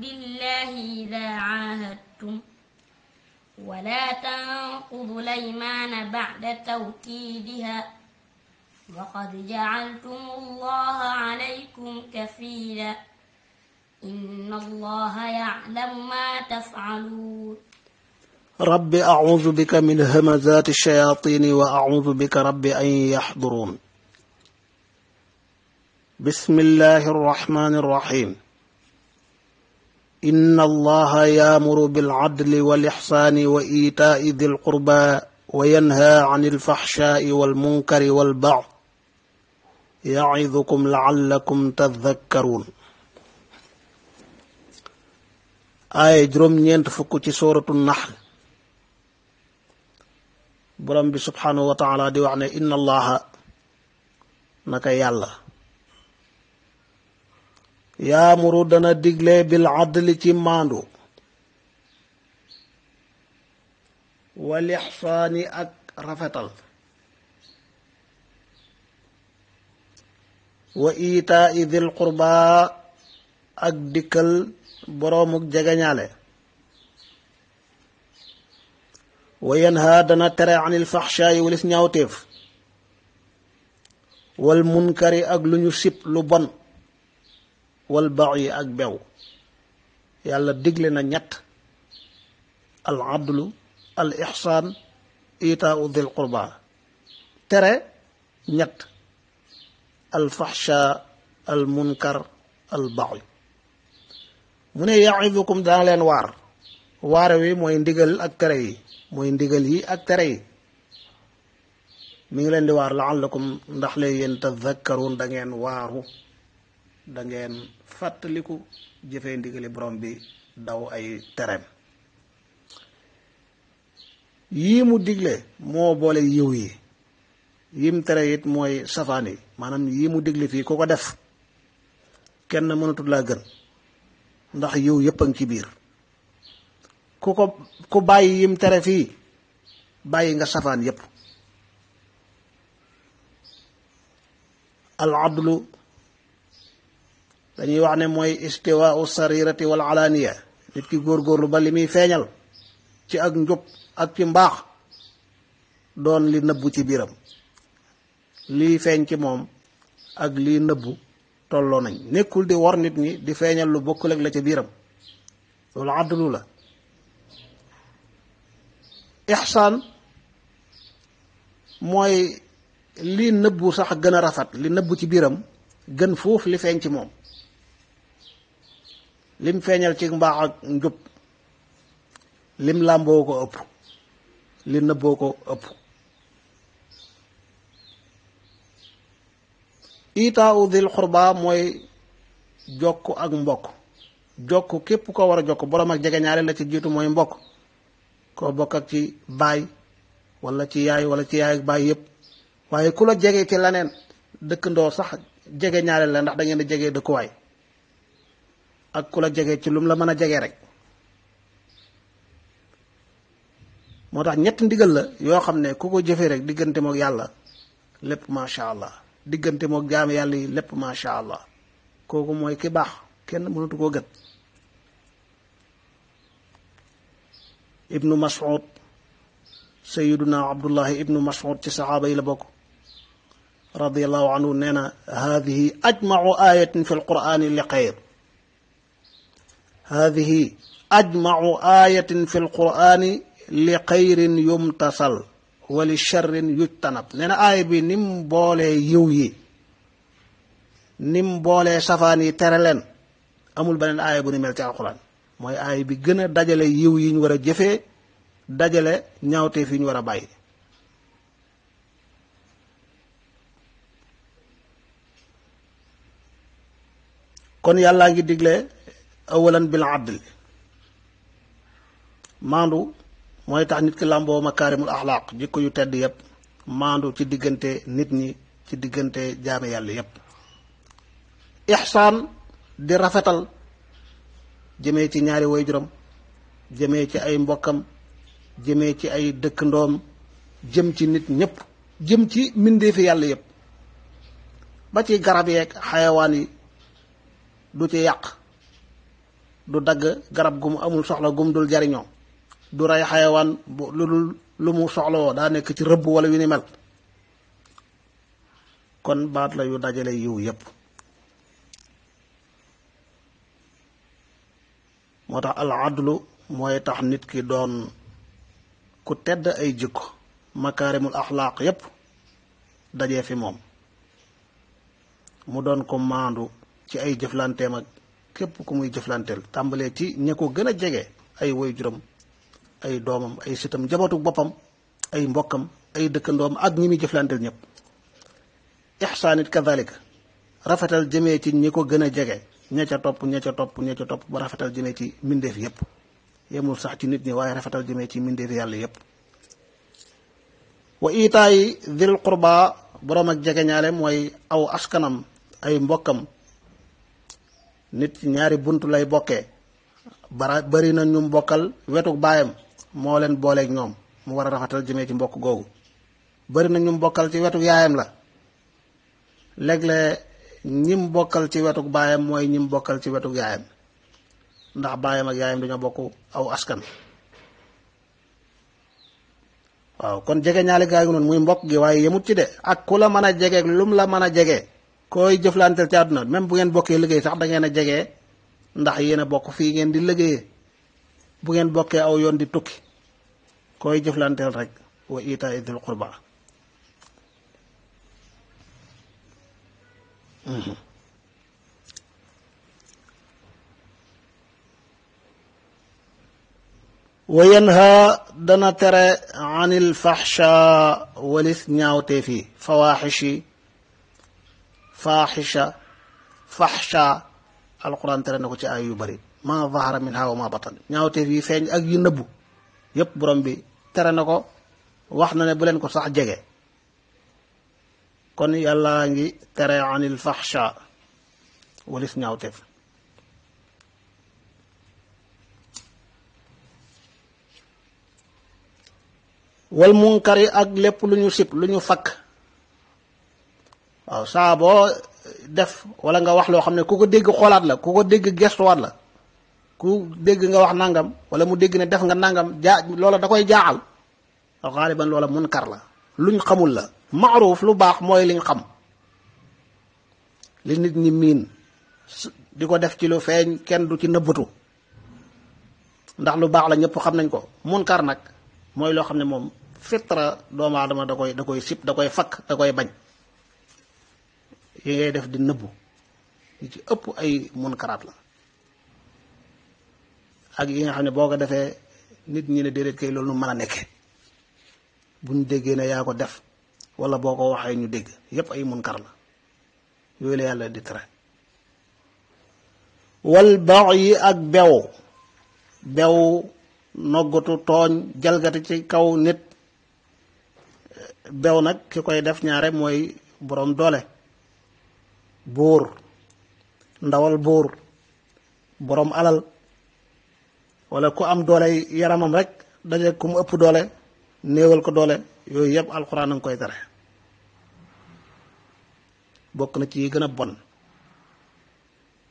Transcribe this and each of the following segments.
لله إذا عاهدتم ولا تنقضوا الأيمان بعد توكيدها وقد جعلتم الله عليكم كفيلا إن الله يعلم ما تفعلون رب أعوذ بك من همزات الشياطين وأعوذ بك رب أن يحضرون بسم الله الرحمن الرحيم inna allaha yaamuru bilcadli walixsaani wa iitaai di lqurba wa yanha can alfaxshaai walmunkari walbac yacidukum lacallakum tadakkaruun aaya juróom-ñeent fukk ci suuratu naxl borom bi subhaanahu wa taala di wax ne inna yaamuru dana digle bil adli ci maandu wal ak rafetal wa itaa dil qurbaa ak dikkal boroomuk jegeñaale wa yanha dana tere anil faxshaayi walis ñaawteef wal munkari ak lu ñu lu bon wal bax yi ak bew yàlla digle na ñett al adlu al ixsaan itaau dil qurba tere ñett al faxsha al munkar al bax mu ne yaidukum dana leen waar waare wi mooy ndigal ak tere yi mooy ndigal yi ak tere yi mi ngi leen di waar laallakum ndax le yéen tadakkaruun da ngeen waaru da fàttaliku jëfe ndigali borom bi daw ay tereem yii mu digle moo boole yiw yi yim tere yit mooy safaan yi maanaam yii mu digle fii ku ko def kenn mënatul laa gën ndax yiw yëpp a ngi ci biir ku ko ku bàyyi yim tere fii bàyyi nga safaan yëpp al adlu dañuy wax ne mooy istiwaau sarirati wal alaaniya nit ki góorgóorlu ba li muy feeñal ci ak njub ak ci mbaax doon li nëbbu ci biram lii feeñ ci moom ak lii nëbbu tolloo nañ nekkul di wor nit ñi di feeñal lu bokkul la ci biiram loolu àddulu la ixsaan mooy li nëbbu sax gën a rafet li nëbbu ci biram gën foofu li feeñ ci moom lim feeñal ci mbaax ak njub lim làmboo ko ëpp li nëbboo ko ëpp itaawu dil xurba mooy jokk ak mbokk jokk képp koo war a jokk boroom ak jegeñaale la ci jiitu mooy mbokk koo bokk ak ci baay wala ci yaay wala ci yaay ak baay yëpp waaye ku la jege ci leneen dëkkandoo sax jegeñaale la ndax dangeen ngeen jege dëkkuwaay ak ku la jege ci lum la mën a jege rek moo tax ñett ndigal la yoo xam ne ku ko jëfee rek diggante mook yàlla lépp macha allah diggante mook jaam yàlla yi lépp macha allah kooku mooy ki baax kenn mënatu koo gët ibnu mas'ud sayiduna abdullahi ibnu mas'ud ci saxaaba yi la bokk radiallahu anhu nee na hadihi ayatin fi alqurani li xayr هذه أجمع آية في القرآن لخير يمتصل وللشر يجتنب nee na aaya bi ni mu boolee yiw yi ni boole boolee safaan yi tere leen amul beneen aaya bu ni mel ci alxuraan mooy aaya bi gën a dajale yiw yi ñu war a jëfee dajale ñaawteef yi ñu war a bàyyi kon yàllaa ngi digle awalan bil adl maandu mooy tax nit ki làmboo makaarimul axlaaq jikko yu tedd yëpp maandu ci diggante nit ñi ci diggante jaame yàlla yëpp ixsaan di rafetal jëmee ci ñaari waajuram jëmee ci ay mbokkam jëmee ci ay dëkkandoom jëm ci nit ñëpp jëm ci mbindeefi yàlla yëpp ba ci garab yeeg xayawaan yi du ci yàq du dagg garab gu mu amul soxla gum dul jariñoo du rey xayawaan bu lu dul lu mu soxlawoo daa nekk ci rëbb wala yu ni mel kon baat la yu dajale yiw yépp moo tax al adlu mooy tax nit ki doon ku tedd ay jikko makaarimul axlaaq yépp dajee fi moom mu doon ko maandu ci ay jëflanteem ak képp ku muy jëflanteel tàmbalee ci ña ko gën a jege ay juróom ay doomam ay sitam njabootu boppam ay mbokkam ay dëkkandoom ak ñi muy jëflanteel ñëpp ixsaan it kadalika rafetal jëmee ci ñi ko gën a jege ña ca topp ña ca topp ña ba rafetal jëmee ci mbindeef yépp yemul sax ci nit ñi waaye rafetal jëmee ci mbindeef yàlla yépp wa itaayi dil qurba boroom ak jegeñaale mooy aw askanam ay mbokkam nit ci ñaari bunt lay bokkee bara bari na ñu bokkal wetu baayam moo leen booleek ñoom mu war a rafetal jëmee ci mbokk googu bari na ñu bokkal ci wetu yaayam la léeg-léeg ñim bokkal ci wetu baayam mooy ñim bokkal ci wetu yaayam ndax baayam ak yaayam dañoo bokk aw askan. waaw kon jege ñaali gaa ngi noonu muy mbokk gi waaye yemut ci de ak ku la mën a jege lum la mën a jege. koy jëflanteel ci àdduna même bu ngeen bokkee liggéey sax dangeen ngeen a jege ndax yéen a bokk fii ngeen di liggéeyee bu ngeen bokkee aw yoon di tukki koy jëflanteel rek wa itaa dil qurba mhm. wa yanha dana tere anil fahsha walis ñaawtee fii fawaaxish faaxisha faxsha alquran tere na ko ci ay yu bari ma zahara min haa ma batan ñaawteef yi feeñ ak yu nëbbu yépp borom bi tere na ko wax na ne bu leen ko sax jege kon yàlla ngi tere anil faxsha walis ñaawteef wal munkari ak lépp lu ñu sib lu ñu fakk waaw saaboo boo def wala nga wax loo xam ne ku ko dégg xoolaat la ku ko dégg gestuwaat la ku dégg nga wax nangam wala mu dégg ne def nga nangam jaa loola da koy jaaxal xaaliban loola kar la lu ñu xamul la maaruuf lu baax mooy liñ xam li nit ñi miin di ko def ci lu feeñ kenn du ci nëbbatu ndax lu baax la ñëpp xam nañ ko munkar nag mooy loo xam ne moom fitra doomu adama da koy da koy sib da koy fakk da koy bañ yi ngay def di nëbbu yi ci ëpp ay munkaraat la ak yi nga xam ne boo ko defee nit ñi ne déedéet kay loolu nu mën a nekke buñ déggee na yaa ko def wala boo ko waxee ñu dégg yépp ay munkar la yooyu la yàlla di tere wal bax yi ak bew bew noggatu tooñ jalgati ci kaw nit bew nag ki koy def ñaare mooy boroom doole buur ndawal buur boroom alal wala ku am doole yaramam rek daje ku mu ëpp doole néegal ko doole yooyu yëpp alxuraan a nga koy tere bokk na ci yi gën a bon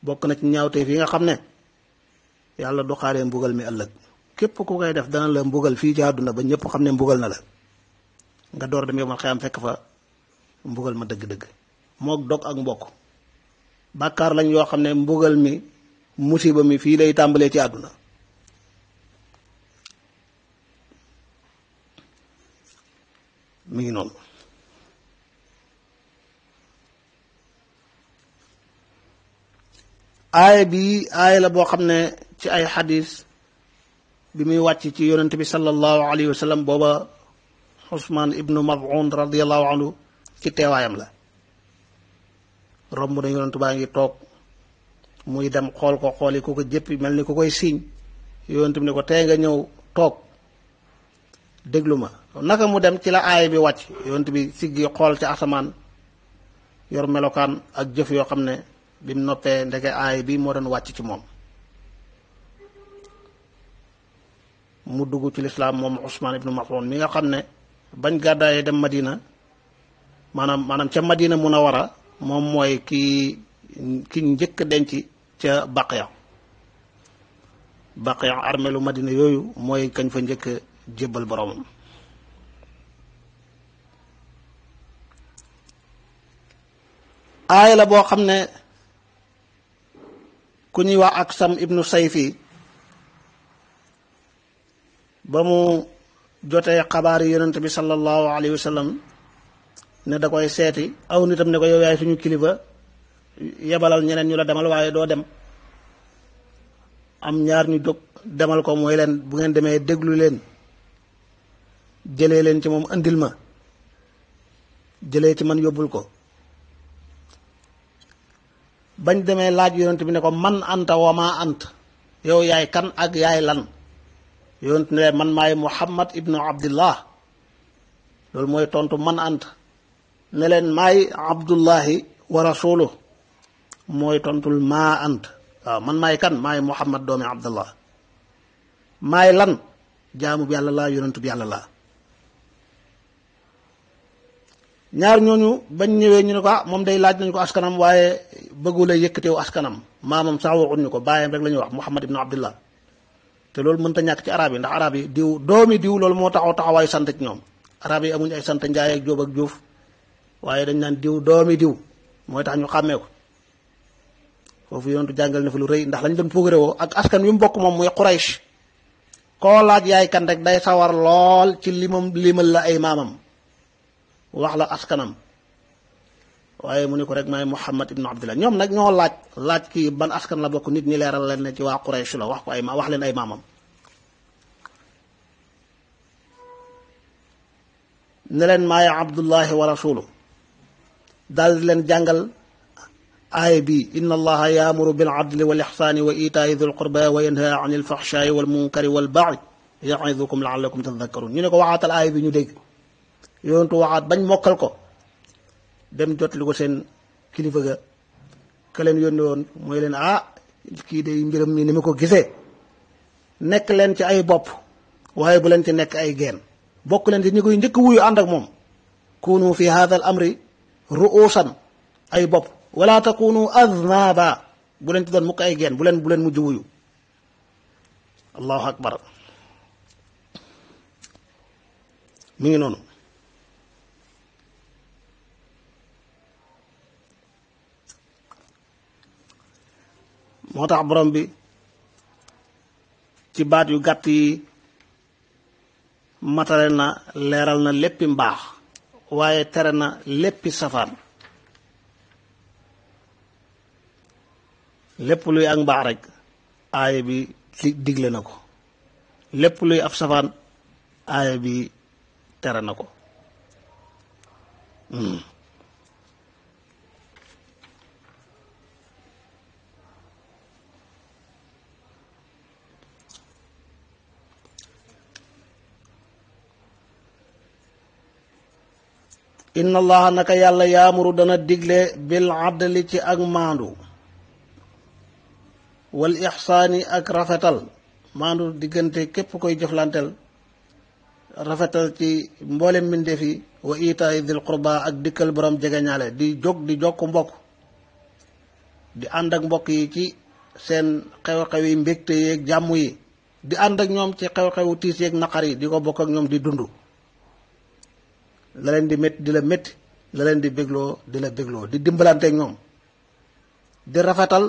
bokk na ci ñaawteef yi nga xam ne yàlla du xaaree mbugal mi ëllëg képp ku koy def dana la mbugal fii ci àdduna ba ñëpp xam ne mbugal na la nga door dem yomal xëyam fekk fa mbugal ma dëgg-dëgg mook dog ak mbokk bàkkaar lañ yoo xam ne mbugal mi musiba mi fii lay tàmbalee ci àdduna mu ngi noonu aaya bi aaya la boo xam ne ci ay xadis bi muy wàcc ci yonent bi sallallahu alayhi wa booba Usmaan ibnu Mazun radiyallahu anhu ci teewaayam la romb na yonent baa ngi toog muy dem xool ko xool yi ku ko jëppi mel ni ku koy siiñ yonent bi ne ko tey nga ñëw toog déglu ma naka mu dem ci la aay bi wàcc yonent bi sigg xool ci asamaan yor melokaan ak jëf yoo xam ne bim mu noppee ndeke aaya bi moo doon wàcc ci moom mu dugg ci lislaam moom Usmaan ibnu Mas'uun mi nga xam ne bañ gàddaayee dem Madina maanaam maanaam ca Madina Munawara moom mooy ki ki njëkk denc ca baqiya baqiya armeelu madina yooyu mooy kañ fa njëkk jébbal boroomam aaya la boo xam ne ku ñuy wax ak sam ibnu sayfi ba mu jotee xabaar yi yonent bi sallallahu alayhi wa ne da koy seeti aw nitam ne ko yow yaay suñu kilifa yebalal ñeneen ñu la demal waaye doo dem am ñaar ñu jóg demal ko mooy leen bu ngeen demee déglu leen jëlee leen ci moom andil ma jëlee ci man yóbbul ko bañ demee laaj yonent bi ne ko man anta wa maa ant yow yaay kan ak yaay lan yonent ne man maay muhammad ibnu abdillah loolu mooy tontu man ant ne leen maay abdullahi wa rasuluh mooy tontul maa ant waaw man maay kan maay muhammad doomi abdullah maay lan jaamu bi yàlla laa yonantu bi yàlla laa ñaar ñooñu ba ñëwee ñu ne ko ah moom day laaj nañu ko askanam waaye bëggula yëkkateewu askanam maamam sax waxuñu ñu ko bàyyam rek la ñuy wax muhammad ibnu abdullah te loolu mënta ñàkk ci arab yi ndax arab yi diw doomi diw loolu moo taxaw taxawaayu sant ci ñoom arab yi amuñ ay sant njaay ak jóob ak juuf waaye dañ naan diw doomi diw mooy tax ñu xàmmee ko foofu yonentu jàngal na fa lu rëy ndax lañ doon puugare woo ak askan wi mu bokk moom muy Quraysh koo laaj yaay kan rek day sawar lool ci limam limal la ay maamam wax la askanam waaye mu ne ko rek maay Muhammad ibnu Abdillah ñoom nag ñoo laaj laaj kii ban askan la bokk nit ñi leeral leen ne ci waa Quraysh la wax ko ay ma wax leen ay maamam ne leen maay Abdullahi wa rasuluh daal di leen jàngal aaya bi inna allaha yaamuru bil adli wal ixsaani wa itaayi dil qurba wa yanha an il faxshaayi wal munkari wal baci yaidukum laallakum tadakkarun ñu ne ko waxaatal aaya bi ñu dégg yonentu waxaat bañ mokkal ko dem jot li ko seen kilifa ga ka leen yónni woon mooy leen ah kii day mbiram mi ni ma ko gisee nekk leen ci ay bopp waaye bu leen ci nekk ay geen bokk leen ci njëkk wuyu ànd ak moom kunu fi hada al ru'uusan ay bopp wala takunu aznaaba bu leen ci doon mukk ay geen bu leen bu leen mujj wuyu allahu akbar mi ngi noonu moo tax borom bi ci baat yu gàtt yi matale na leeral na léppi mbaax waaye tere na léppi safaan lépp luy ak mbaax rek aaya bi digle na ko lépp luy ab safaan aaya bi tere na ko hmm. inna allaha naka yàlla yaamuru dana digle bil adli ci ak maandu wal ixsaani ak rafetal maandu diggante képp koy jëflanteel rafetal ci mboolem mbindeef yi wa itaay dil qurba ak dikkal borom jegeñaale di jóg di jokk mbokk di ànd ak mbokk yi ci seen xew-xew yi mbégte yeeg jàmm yi di ànd ak ñoom ci xew-xewu tiis yeeg naqar yi di ko bokk ak ñoom di dund la leen di metti di la métti la leen di bégloo di la bégloo di dimbalanteeg ñoom di rafetal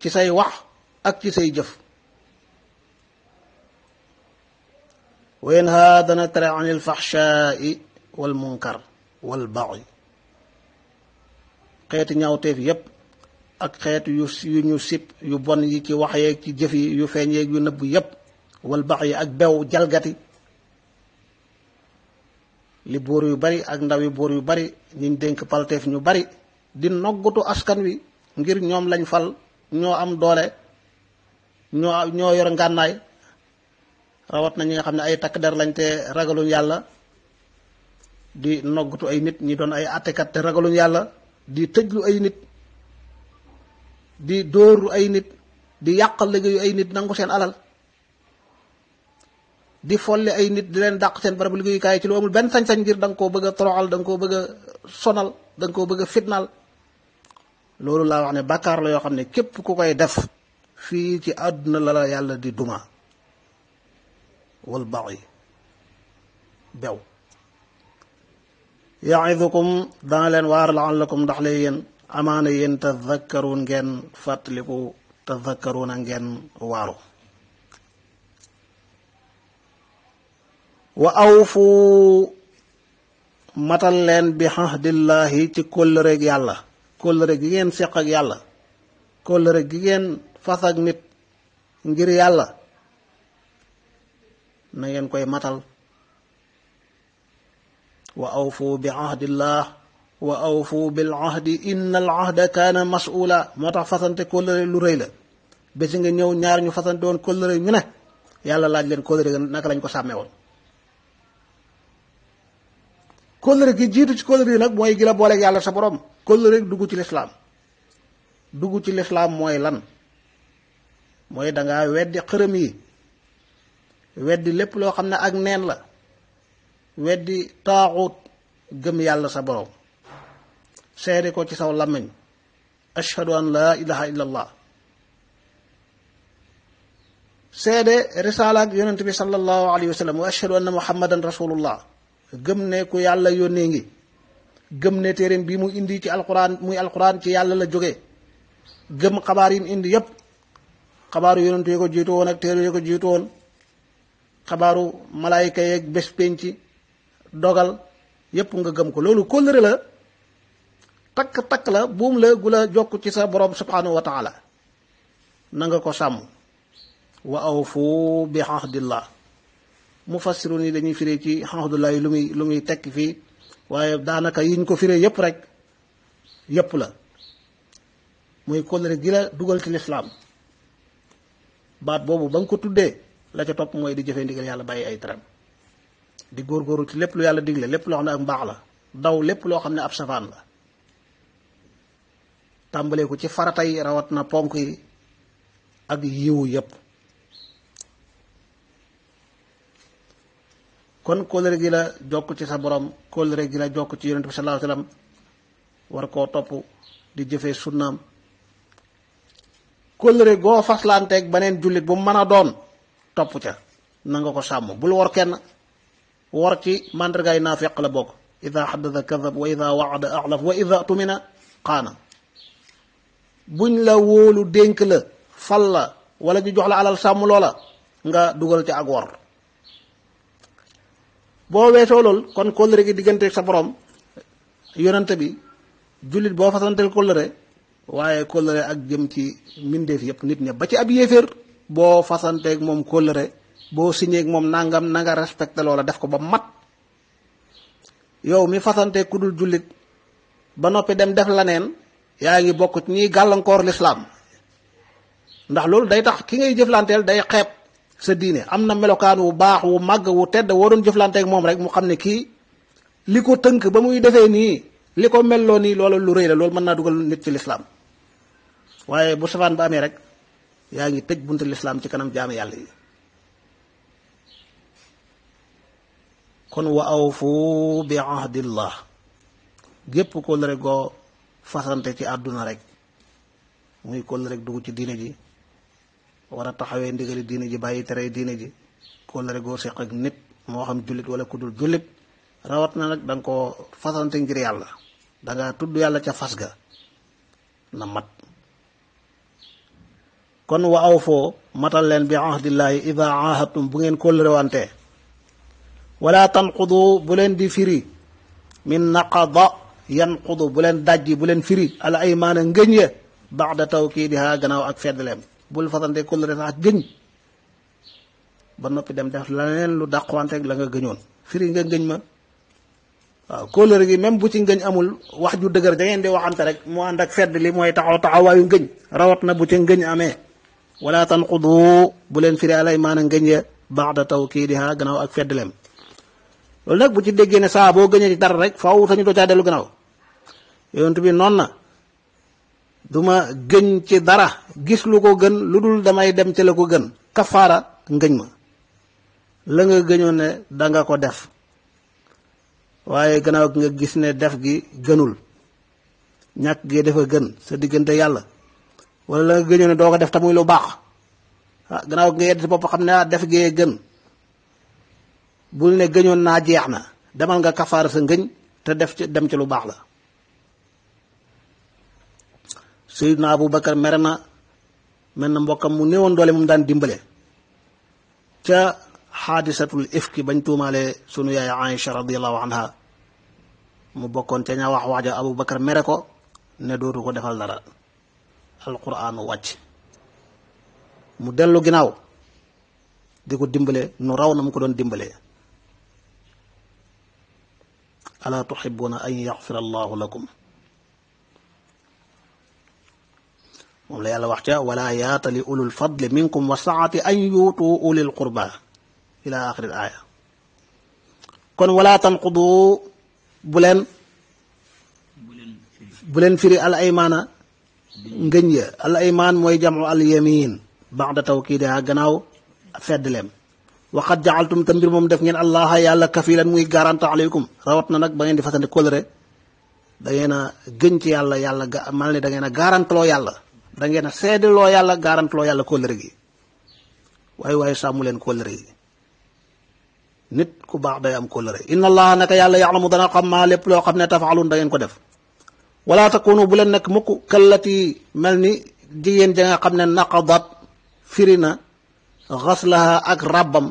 ci say wax ak ci say jëf wa yanha dana tere an il faxshaai wal munkar wal baxi xeeti ñaawteef yépp ak xeet yu yu ñu sip yu bon yi ci wax yeeg ci jëf yi yu feeñ yeeg yu nëbb yépp wal bax yi ak bew jalgati li buur yu bari ak ndaw yi buur yu bari ñiñ dénk palteef ñu bari di noggutu askan wi ngir ñoom lañ fal ñoo am doole ñoo ñoo yor ngànnaay rawat na ñi nga xam ne ay takk der lañ te ragaluñ yàlla di noggutu ay nit ñi doon ay àttekat te ragaluñ yàlla di tëjlu ay nit di dóoru ay nit di yàqal liggéeyu ay nit nangu seen alal di folle ay nit di leen dàq seen barabu liggéeyukaay ci lu amul benn sañ-sañ ngir da koo bëgg a toroxal da nga koo bëgg a sonal da koo bëgg a loolu laa wax ne bàkkaar la yoo xam ne képp ku koy def fii ci àdduna la la yàlla di duma wal bax yi bew yaidukum dana leen waar laallakum ndax le yéen amaana yéen tazakkaruun ngeen fàttaliku tazakkaruuna ngeen waaru wa fu matal leen bi xahdillaahi ci kóllëreeg yàlla kóllëreeg gi ngeen seq ak yàlla kóllëreeg gi ngeen fas nit ngir yàlla na ngeen koy matal wa awfu bi ahdillah wa awfu bil ahdi inna al ahda kaana mas'uula moo tax fasante kóllëre lu rëy la bési nga ñëw ñaar ñu fasante woon kóllëre ñu ne yàlla laaj leen kóllëre naka lañ ko sàmmee woon kóllëre gi jiitu ci kóllëre yi nag mooy gi la booleeg yàlla sa borom kóllëre dugg ci lislaam dugg ci lislaam mooy lan mooy dangaa weddi xërëm yi weddi lépp loo xam ne ak neen la weddi taaxut gëm yàlla sa borom seede ko ci saw làmmiñ ashhadu an laa ilaha illa allah seede risaala ak yonent bi sallallahu alayhi wa sallam wa ashhadu anna muhammadan rasulullah gëm ne ku yàlla yónnee ngi gëm ne téeréem bi mu indi ci alxuraan muy alquran ci yàlla la jóge gëm xabaar yi mu indi yépp xabaaru yonent yi ko jiitu woon ak téere yi ko jiitu woon xabaaru malaayka yeeg bés penc dogal yépp nga gëm ko loolu kóllëre la takk takk la buum la gu la jokk ci sa borom subhanahu wa taala na nga ko sàmm wa awfu bi ahdillah mu fassiru yi dañuy firee ci xamdullahi lu muy lu muy tekki fii waaye daanaka yiñ ko firee yépp rek yëpp la muy kóllëre gi la dugal ci lislaam baat boobu ba nga ko tuddee la ca topp mooy di jëfee ndigal yàlla bàyyi ay teram di góorgóorlu ci lépp lu yàlla digle lépp loo xam ne ak mbaax la daw lépp loo xam ne ab safaan la tàmbalee ko ci faratay rawat na ponk yi ak yiwu yëpp kon kóllëre gi la jokk ci sa borom kóllëre gi la jokk ci yonent bi war koo topp di jëfee sunnaam kóllëre goo faslanteeg beneen jullit bu mën a doon topp ca nanga ko sàmm bul wor kenn wor ci naa naafeq la bokk ida xaddasa kadab wa ida waada axlaf wa ida tumina xaana buñ la wóolu dénk la fal la wala ñu jox la alal sàmm loola nga dugal ci ak wor boo weesoo lool kon kóllëre gi digganteeg sa borom yonante bi jullit boo fasanteel kóllëre waaye kóllëre ak jëm ci mbindeef yëpp nit ña ba ci ab yéeféer boo fasanteek moom kóllëre boo signéeg moom nangam na nga respecté loola def ko ba mat yow mi fasanteeg ku dul jullit ba noppi dem def la neen yaa ngi bokk ci gàllankoor lislaam ndax loolu day tax ki ngay jëflanteel day xeeb sa diine am na melokaan wu baax wu màgg wu tedd woo doon jëflanteek moom rek mu xam ne kii li ko tënk ba muy defee nii li ko meloo nii loola lu rëy la loolu mën naa dugal nit ci lislaam waaye bu safaan ba amee rek yaa ngi tëj bunt lislaam ci kanam jaam yàlla yi kon wa awfu bi ahdillah gépp kóllëre goo fasante ci àdduna rek muy kóllëre rek dugg ci diine ji war a taxawee ndigali diine ji bàyyi tere diine ji kóllëre goo seq ak nit moo xam jullit wala kudul jullit rawat na nag da nga koo fasante ngir yàlla danga tudd yàlla ca fas ga na mat kon wa aw foo matal leen bi ahdillaahi ida ahadtum bu ngeen kóllëre wante wala tanqudu bu leen di firi min naqada yanqudu bu leen dajji bu leen firi al aymaana ngëñ ya baxda tawkiidiha gannaaw ak feddleem bul fasante kóllëre sax gëñ ba noppi dem def leneen lu dàqwante la nga gëñoon firi nga gëñ ma waaw kóllëre gi même bu ci ngëñ amul wax ju dëgër da ngeen di waxante rek mu ànd ak fedd li mooy taxaw taxawaayu ngëñ rawat na bu ci ngëñ amee wala tanqudu bu leen firi alay maana ngëñ ya baxda tawkiidiha ganaaw ak fedd leem loolu nag bu ci déggee ne saa boo gëñee ci dara rek faaw sañu doo caa dellu gannaaw yonent bi noonu na duma gëñ ci dara gis lu ko gën lu dul damay dem ci la ko gën kafaara ngëñ ma la nga gëñoon ne danga ko def waaye gannaaw nga gis ne def gi gënul ñàkk gi dafa gën sa diggante yàlla wala la nga gëñoon ne doo ko def te muy lu baax ah gannaaw nga yedd si bopp xam ne ah def gee gën bul ne gëñoon naa jeex na demal nga kafaara sa ngëñ te def ci dem ci lu baax la Seydina Aboubacar mere na mel na mbokkam mu néewoon doole moom daan dimbale ca xaadisatul ifki bañ tuumaale sunu yaay Aïcha radiallahu anha mu bokkoon ca ña wax wax ja Aboubacar mere ko ne dootu ko defal dara alquraanu wàcc mu dellu ginnaaw di ko dimbale nu raw na mu ko doon dimbale alaa tuxibuuna an yaxfira allahu lakum moom la yàlla wax ca wala yaatali ulul fadli minkum wa saati an yuutu ulil qurba ila axiril aaya kon wala tanqudu bu leen bu leen firi al aymaana ngëñ ya al aymaan mooy jamu al yamin baxda tawkiidiha gannaaw feddleem waxat jaxaltum te mbir moom def ngeen allaha yàlla kafilan muy garante aleykum rawat na nag ba ngeen di fasante kóllëre da ngeen a ci yàlla yàlla ga man ne da yàlla da ngeen a seedaloo yàlla garantloo yàlla kóllëre gi waaye waaye sàmmu leen kóllëre yi nit ku baax day am kóllëre inna allaha naka yàlla mu dana xam maa lépp loo xam ne tafaalun da ko def wala takunu bu leen nekk mukk kallati mel ni jigéen ja nga xam ne naqadat firi na xaslaha ak rabbam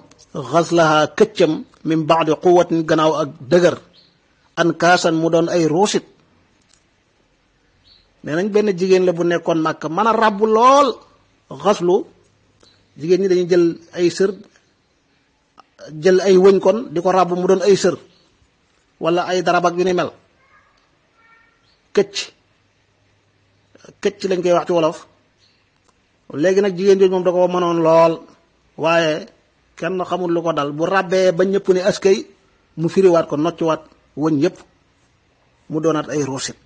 xaslaha këccam min baadi quwatin gannaaw ak dëgër an kaasan mu doon ay ruusit mais nañ benn jigéen la bu nekkoon màkk mën a ràbbu lool xaslu jigéen ñi dañuy jël ay sër jël ay wëñ kon di ko ràbb mu doon ay sër wala ay darab ak yu ni mel këcc këcc lañ koy wax ci wolof léegi nag jigéen jooju moom da ko mënoon lool waaye kenn xamul lu ko dal bu ràbbee ba ñëpp ne askay mu firiwaat ko noccuwaat wëñ yëpp mu doonaat ay ruusit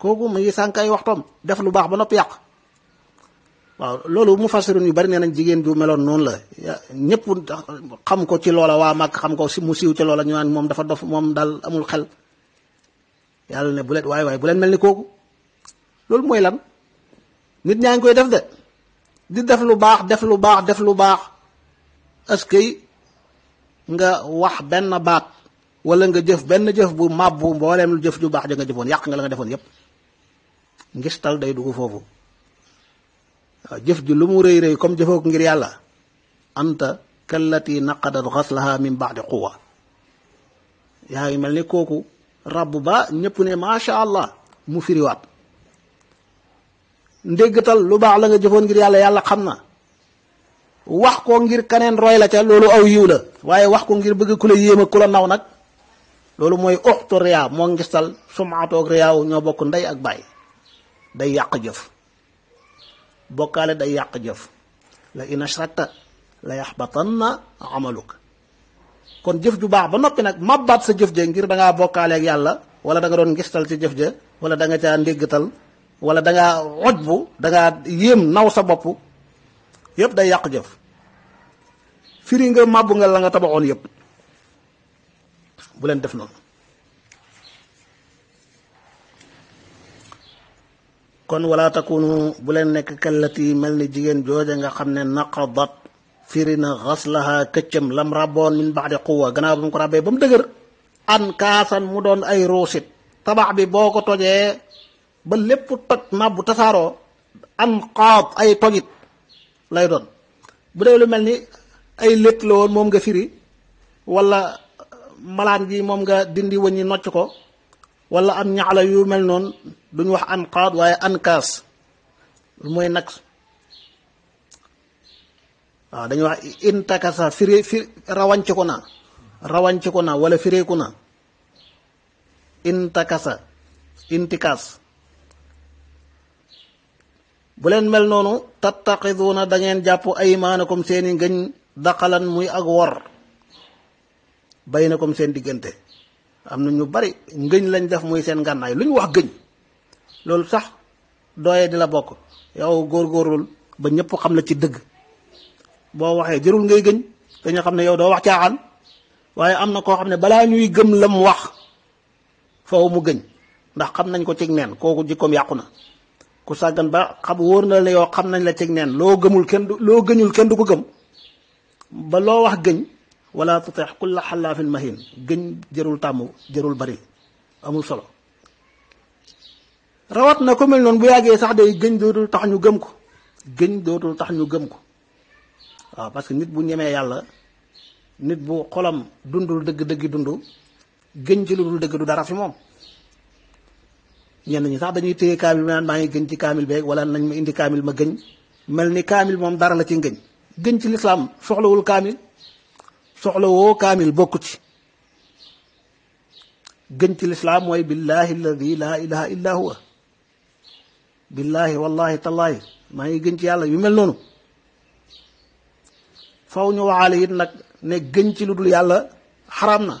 kooku mu ngi sànk ay waxtoom def lu baax ba noppi yàq waaw loolu mu fassirun yu bari nee nañ jigéen ju meloon noonu la ñëpp xam ko ci loola waa mag xam ko mu siiw ci loola ñu naan moom dafa dof moom daal amul xel yàlla ne bu leen waaye waaye bu leen mel ni kooku loolu mooy lan nit ñaa ngi koy def de di def lu baax def lu baax def lu baax est que nga wax benn baat wala nga jëf benn jëf bu màbbu mbooleem lu jëf ju baax ja nga jëfoon yàq nga la nga defoon yépp ngistal day dugg foofu waaw jëf ji lu mu rëy rëy comme jëfoo ngir yàlla anta kallati naqadat xaslaha min baadi quwa yaa ngi mel ni kooku ràbb ba ñépp ne macha allah mu firiwaat ndéggatal lu baax la nga jëfoon ngir yàlla yàlla xam na wax ko ngir kaneen roy la ca loolu aw yiw la waaye wax ko ngir bëgg ku la yéem ku la naw nag loolu mooy uxtu riyaa moo ngistal sumaatoog riyaaw ñoo bokk ndey ak bàyyi day yàq jëf bokkaale day yàq jëf la in ashrakta la yaxbatanna amaluk kon jëf ju baax ba noppi nag mabbaat sa jëf jee ngir da ngaa bokkaale yàlla wala da nga doon ngistal ci jëf je wala danga nga caa ndéggatal wala danga ngaa xoj bu da ngaa naw sa boppu yëpp day yàq jëf firi nga màbbu nga la nga tabaxoon yëpp bu leen def noonu kon wala takunu bu leen nekk kallati mel ni jigéen jooja nga xam ne naqadat firi na xaslaha këccam lam raboon min baxdi quwa gannaaw ba mu ko rabbee ba mu dëgër an kaasan mu doon ay ruusit tabax bi boo ko tojee ba lépp toj mabbu tasaaroo an xaab ay tojit lay doon bu dee lu mel ni ay létt moom nga firi wala malaan gi moom nga dindi wëññi nocc ko wala am ñaxla yu mel noonu duñu wax anqaad waaye ankaas lu mooy nag waaw dañuy wax intakasa firee fi rawanci ko na rawanci ko na wala fireeku na intakasa intikaas bu leen mel noonu tattaxiduuna da ngeen jàpp aymaanakum seeni ngëñ daqalan muy ak wor bay na comme seen diggante am na ñu bari ngëñ lañu def muy seen ngànnaay lu ñu wax gëñ loolu sax dooyee di la bokk yow góorul ba ñépp xam la ci dëgg boo waxee jërul ngay gëñ dañu xam ne yow doo wax caaxaan waaye am na koo xam ne balaa ñuy gëm la mu wax foofu mu gëñ ndax xam nañ ko cig neen kooku jikkoom yàqu na ku sàggan ba xam wóor na la yow xam nañ la cig neen loo gëmul kenn du loo gëñul kenn du ko gëm ba loo wax gëñ wala tuteex kulla xallaafin mahin gëñ jërul tàmm jërul bari amul solo rawat na ko mel noonu bu yàggee sax day gëñ dootul tax ñu gëm ko gëñ dootul tax ñu gëm ko waaw parce que nit bu ñemee yàlla nit bu xolam dundul dëgg dëggi dundu gëñ ci lu dul dëgg du dara fi moom ñenn ñi sax dañuy téye kaamil bi naan maa ngi gëñ ci kaamil beek wala nañ ma indi kaamil ma gëñ mel ni kaamil moom dara la ci ngëñ gëñ ci lislaam soxlawul kaamil soxlawoo woo kaamil bokku ci gën ci lislaam mooy billahi alladi laa huwa billahi wallahi tallahi maa ngi gën ci yàlla yu mel noonu faw ñu waxaale it nag ne gën ci lu dul yàlla xaram na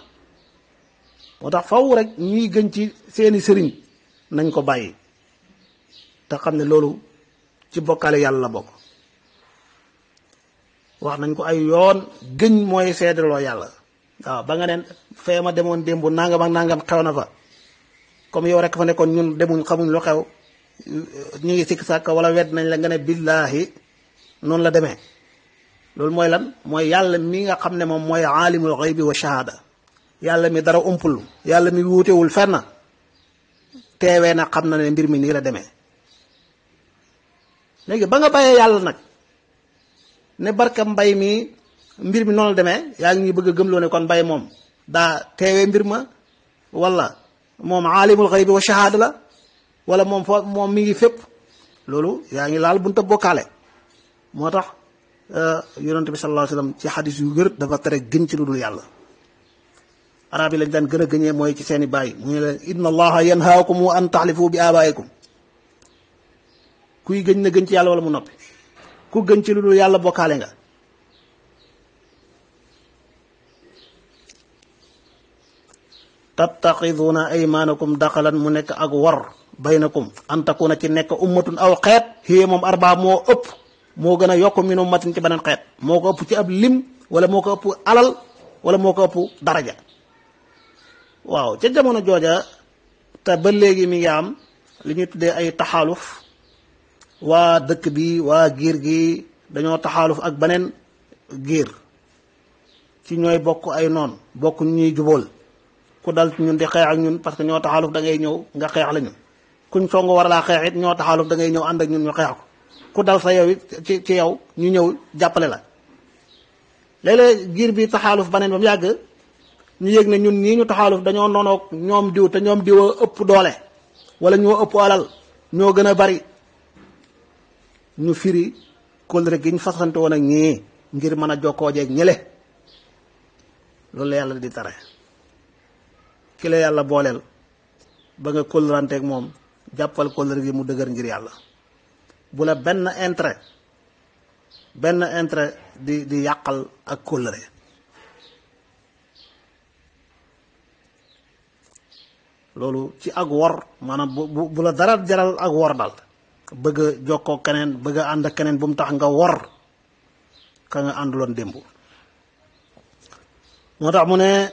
moo tax faw rek ñuy gën ci seeni sëriñ nañ ko bàyyi te xam ne loolu ci bokkaale yàlla la bokk wax nañ ko ay yoon gëñ mooy loo yàlla waaw ba nga neen fee ma demoon démb nangam ak nangam xew na fa comme yow rek fa nekkoon ñun demuñ xamuñ lu xew ñu ngi sikk sàkk wala wedd nañ la nga ne billaahi noonu la demee loolu mooy lan mooy yàlla mi nga xam ne moom mooy aalimul xaybi wa shahada yàlla mi dara umpul yàlla mi wuutewul fenn teewee na xam na ne mbir mi nii la demee léegi ba nga bàyyee yàlla nag ne barka mbay mi mbir mi noonu la demee yaa ngi bëgg a gëmloo ne kon mbay moom daa teewee mbir ma wala moom wala moom foo moom mi ngi fépp loolu yaa ngi laal bunta bokkaale moo tax euh, yonent bi sallallahu alayhi wasallam ci xadis yu gër dafa tere gën ci lu dul yàlla arab yi lañ daan gën a gëñee mooy ci seen i baay mu ne leen inna allaha yanhaakum wa an taxlifu bi abaikum kuy gëñ na gën ci yàlla wala mu noppi ku gën ci lu dul yàlla bokkaale nga ay aymaanakum daxalan mu nekk ak war baynakum an takuna ci nekk ummatun aw xeet hiya moom arbaa moo ëpp moo gën a yokk min ummatin ci beneen xeet moo ko ëpp ci ab lim wala moo ko ëpp alal wala moo ko ëpp daraja waaw ca jamono jooja te ba léegi mi ngi am li ñuy tuddee ay taxaaluf waa dëkk bi waa giir gi dañoo taxaaluf ak beneen giir ci ñooy bokk ay noon bokk ñu ñuy jubóol ku dal ñun di xeex ak ñun parce que ñoo taxaaluf da ngay ñëw nga xeex la ñu kuñ song war laa xeex it ñoo taxaaluf da ngay ñëw ànd ak ñun ñu xeex ko ku dal sa yow it ci ci yow ñu ñëw jàppale la léeg giir bi taxaaluf beneen ba mu yàgg ñu yëg ne ñun ñii ñu taxaaluf dañoo noonoog ñoom diw te ñoom diw ëpp doole wala ñoo ëpp alal ñoo gën a bari ñu firi kóllëre gi ñu fasante woon ak ñii ngir mën a jokkoo jeeg ñële loolu la yàlla di tare kilo yàlla booleel ba nga kóllëranteeg moom jàppal kóllëre gi mu dëgër ngir yàlla bu la benn intérêt benn intérêt di di yàqal ak kóllëre loolu ci ak wor maanaam bu bu la dara jaral ak wor daal bëgg jokkoo keneen bëgg ànd ak keneen bu mu tax nga wor ka nga ànduloon démb moo tax mu ne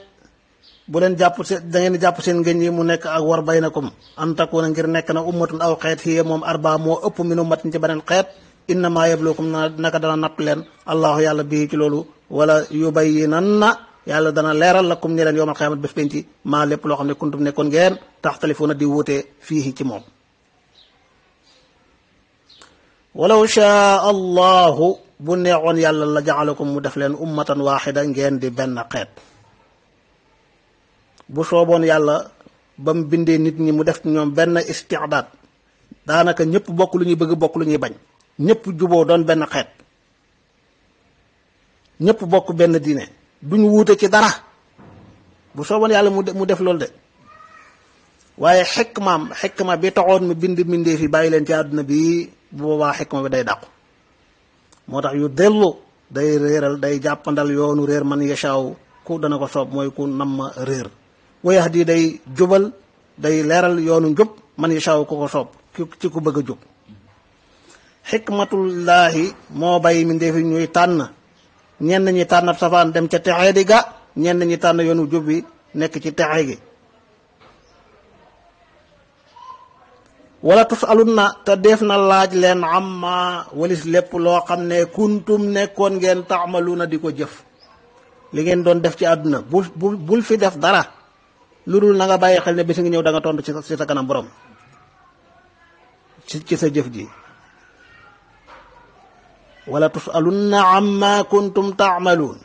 bu leen jàpp da ngeen jàpp seen ngëñ yi mu nekk ak war bay na kom an takuna ngir nekk na ummatun aw xeet hiya moom arba moo ëpp minu matin ci beneen xeet innama yablukum na naka dana napp leen allahu yàlla bii ci loolu wala yubayyinanna yàlla dana leeral lakum ni leen yowmal xiyaamat bés penci maa lépp loo xam ne kuntum nekkoon ngeen taxtalifuuna di wuute fii ci moom wala shaa allahu bu neexoon yàlla la jaxalakum mu def leen ummatan waaxida ngeen di benn xeet bu sooboon yàlla ba mu bindee nit ñi mu def ñoom benn istidaat daanaka ñëpp bokk lu ñuy bëgg bokk lu ñuy bañ ñëpp juboo doon benn xeet ñëpp bokk benn diine duñu wuute ci dara bu sooboon yàlla mu def loolu de waaye xikmaam xikma bi taxoon mu bind mbindee fi bàyyi leen ci àdduna bi bu boobaa xikma bi day dàqu moo tax yu dellu day réeral day jàppandal yoonu réer man yashaaw ku dana ko soob mooy ku namma réer wayax di day jubal day leeral yoonu njub man yashaaw ku ko soob ci ku bëgg a jub xikmatullaahi moo bay mi ndeefi ñuy tànn ñenn ñi tànn ab safaan dem ca texe di ga ñenn ñi tànn yoonu jub bi nekk ci texe gi wala tusalun na te def na laaj leen amma walis lépp loo xam ne kuntum nekkoon ngeen taamaluuna di ko jëf li ngeen doon def ci àdduna bul bul fi def dara lu dul na nga bàyyi xel ne bés nga ñëw da nga tontu ci ci sa kanam borom ci sa jëf ji wala tusalunna amma kuntum taamaluun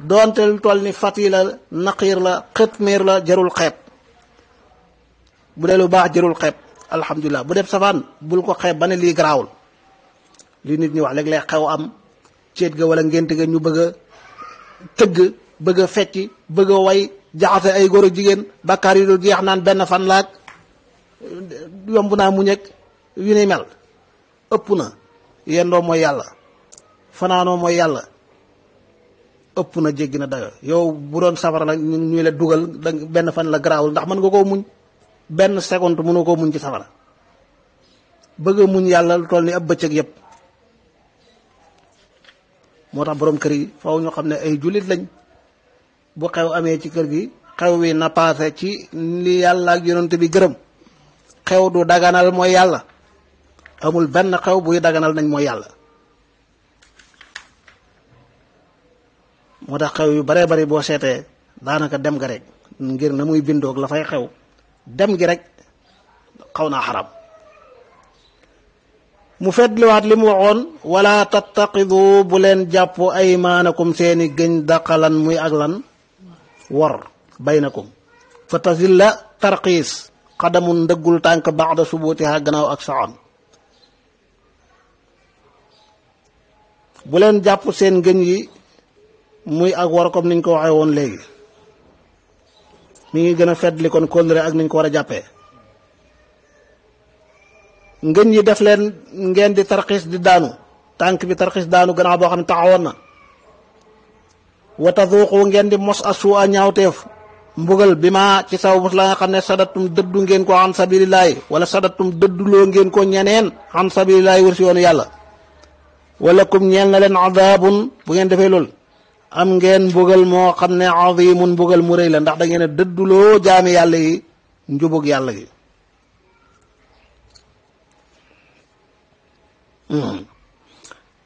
doonte lu toll ni fatiila naqiir la xitmiir la jarul xeeb bu dee lu baax jërul xeeb alhamdulilah bu def safaan bul ko xeeb ba ne lii garaawul li nit ñi wax léeg lay xew am ceet ga wala ngént ga ñu bëgg tëgg bëgg a fecc bëgg way jaxase ay góor ak jigéen bakkaar yi dul jeex naan benn fan laag yomb naa mu ñekk yu ni mel ëpp na yendoo mooy yàlla fanaanoo mooy yàlla ëpp na jéggi na dayo yow bu doon safara la ñu la dugal benn fan la garaawul ndax mën nga koo muñ benn seconde mënu koo muñ ci safara bëgg a muñ yàlla lu toll ni ab bëccëg yépp moo tax borom kër yi faw ñu xam ne ay jullit lañ bu xew amee ci kër gi xew wi na ci li yàlla ak yonent bi gërëm xew du daganal mooy yàlla amul benn xew buy daganal nañ mooy yàlla moo tax xew yu bare bari boo seetee daanaka dem ga rek ngir na muy bindoog la fay xew dem gi rek xaw naa xaram mu fetliwaat li mu waxoon wala tattaqidu bu leen jàpp aymaanakum seeni gëñ daqalan muy ak lan wor baynakum fa tasilla tarxiis xadamu ndëggul tànk baxda subuutiha gannaaw ak saxam bu leen jàpp seen gëñ yi muy ak wor kom niñ ko waxee woon léegi mi ngi gën a fedd li kon kóllëre ak niñ ko war a jàppee ngeen yi def leen ngeen di tarxiis di daanu tànk bi tarxiis daanu gannaaw boo xam ne taxawoon na wata zuuqu ngeen di mos a suu a ñaawteef mbugal bi ma ci saw mos la nga xam ne sadatum dëddu ngeen ko an sabilillahi wala sadatum dëdduloo ngeen ko ñeneen an sabilillahi wër si yoonu yàlla wala kum ñeel na leen adaabun bu ngeen defee loolu am ngeen mbugal moo xam ne azimun mbugal mu rëy la ndax da ngeen a dëdduloo jaami yàlla yi njubug yàlla yi hmm.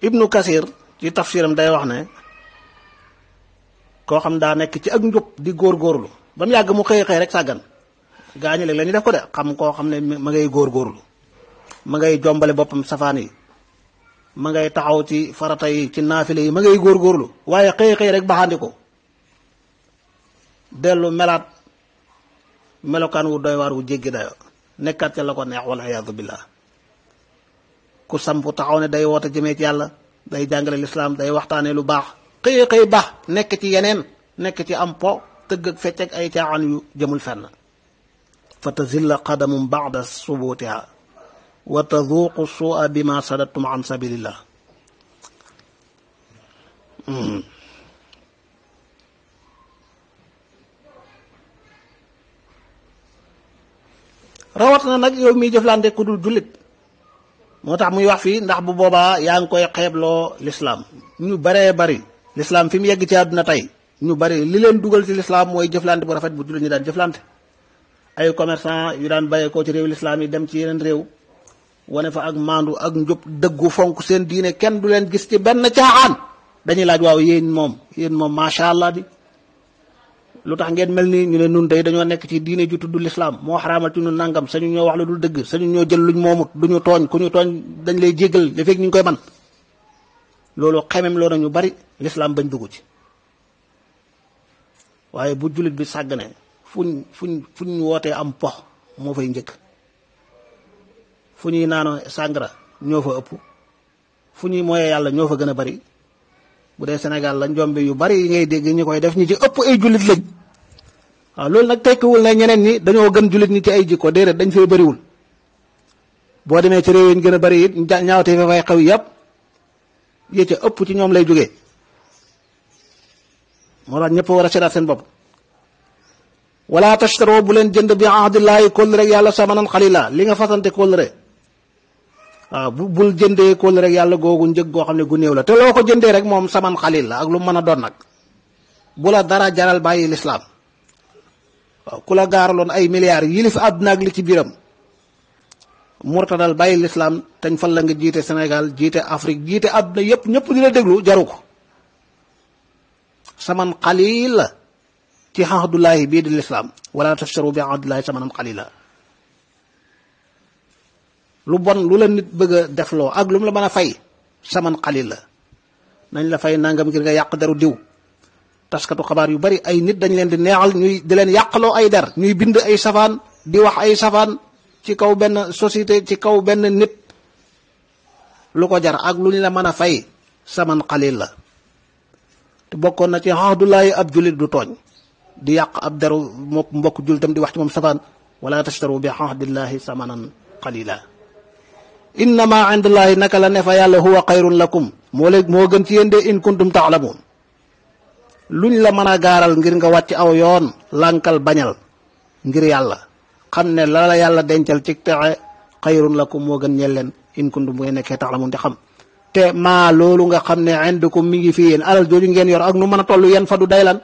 ibnu kasir ci tafsiram day wax ne koo xam daa nekk ci ak njub di góor góorlu ba mu yàgg mu xëy xëy rek sàggan gaañu léeg la ñu def ko de xam koo xam ne ma ngay góor góorgóorlu ma ngay jombale boppam safaan yi ma ngay taxaw ci farata yi ci naafile yi ma ngay góor góorlu waaye xëy xëy rek baxandi ko dellu melaat melokaan wu doy waar wu jéggi dayo nekkaat ca la ko neex wal iyaadu billah ku sampu taxaw ne day woote jëmee ci yàlla day jàngale lislaam day waxtaanee lu baax xëy xëy baax nekk ci yeneen nekk ci am po tëgg ak fecc ak ay caaxaan yu jëmul fenn fa tazilla baax da subutiha wa tazuqu suua bima sadattum an sabilillah hmm. rawat na nag yow miy jëflante ku dul jullit moo tax muy wax fii ndax bu boobaa yaa ngi koy xeebloo lislaam ñu baree bari lislaam fi mu yegg ci àdduna tey ñu bari li leen dugal ci lislaam mooy jëflante bu rafet bu jullit ñi daan jëflante ay commerçant yu daan bàyyeekoo ci réew lislaam yi dem ci yeneen réew wane fa ak maandu ak njub dëggu fonk seen diine kenn du leen gis ci benn caaxaan dañuy laaj waaw yéen moom yéen moom macha allah bi lu tax ngeen mel nii ñu ne nun tey dañoo nekk ci diine ju tudd lislaam moo xaraamal ci ñun nangam sañu ñoo wax la dul dëgg sañu ñoo jël luñ moomut duñu tooñ ku ñu tooñ dañ lay jégal li fekk ñu ngi koy man loolu xemem loo ñu bari lislaam bañ dugg ci waaye bu jullit bi sàgg fu fuñ fu fuñ wootee am pox moo njëkk fu ñuy naano sàngara ñoo fa ëpp fu ñuy mooyee yàlla ñoo fa gën a bari bu dee senegal la njombe yu bari yi ngay dégg ñi koy def ñi ci ëpp ay jullit lañ waaw loolu nag tekkiwul ne ñeneen ñi dañoo gën jullit ñi ci ay jikko déedéet dañ fee bariwul boo demee ci réew yi gën a bari it ñaawte fa fay xew yàpp yi ca ëpp ci ñoom lay jógee moo tax ñëpp war a seetaat seen bopp wala tashtaroo bu leen jënd bi ahdillahi kóllëre yàlla samanan xalila waaw ah, bu bul jëndee kóol rek yàlla googu njëg goo xam ne gu néew la te loo ko jëndee rek moom saman xalil la ak lu mën a doon nag bu la dara jaral bàyyi lislaam waaw ku la gaaraloon ay milliards yilif àdduna ak li ci biiram murtadal bàyyi lislaam tañ fan la nga jiite senegal jiite Afrique jiite àdduna yëpp ñëpp di la déglu jaru ko saman xalil la ci xaxdulaahi bii di lislaam wala tafsiru bi xaxdulaahi samanan xalila lu bon lu leen nit bëgg a defloo ak lu mu la man a fay saman xalil la nañ la fay nangam ngir nga yàq deru diw taskatu xabaar yu bari ay nit dañ leen di neexal ñuy di leen yàqloo ay der ñuy bind ay safaan di wax ay safaan ci kaw benn société ci kaw benn nit lu ko jar ak lu ñu la mën a fay saman xalil la te bokkoon na ci axdulaayi ab jullit du tooñ di yàq ab deru mbokk jul dem di wax ci moom safaan wala tashtaru bi axdillahi samanan qalila innama indallahi naka la ne fa yàlla huwa xayrun lakum moo léeg moo gën ci yéen de in kuntum taalamun luñ la mën a gaaral ngir nga wàcc aw yoon lànkal bañal ngir yàlla xam ne la la yàlla dencal ci texe xayrun lakum moo gën ñel leen in kuntum bu ngeen nekkee taalamun di xam te maa loolu nga xam ne indakum mi ngi fii yéen alal jooju ngeen yor ak nu mën a toll fa fadu day lan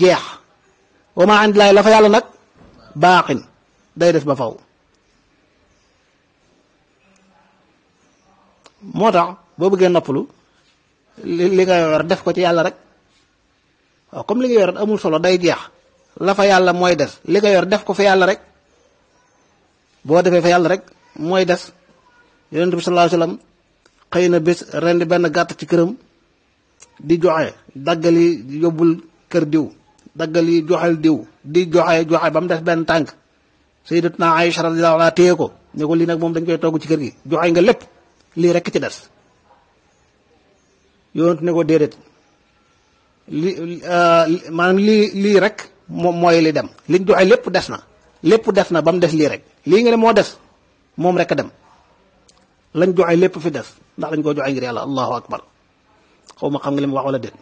jeex wa maa indillahi la fa yàlla nag baaxin day def ba faw moo tax boo bëggee noppalu li nga yor def ko ci yàlla rek waaw comme li nga yor amul solo day jeex la yàlla mooy des li def ko fi yàlla rek boo defee fa yàlla rek mooy des yonent bi sallallahu alayhi xëy na bés rendi benn gàtt ci këram di joxe daggali yóbbul kër diw daggal daggali joxel diw di joxe joxe ba mu def benn tànk sayyidatuna Aïcha radiyallahu anha téye ko ne ko lii nag moom dañ koy togg ci kër gi joxe nga lépp lii rekk ci des yonent ne ko déedéet li euh, maanaam lii lii rek moom mooy li dem liñ joxe lépp des na lépp des na ba mu des lii rek lii nga ne moo des moom rek a dem lañ joxe lépp fi des ndax lañ koo joxe ngir yàlla allahu akbar xaw ma xam nga li mu wax wala déet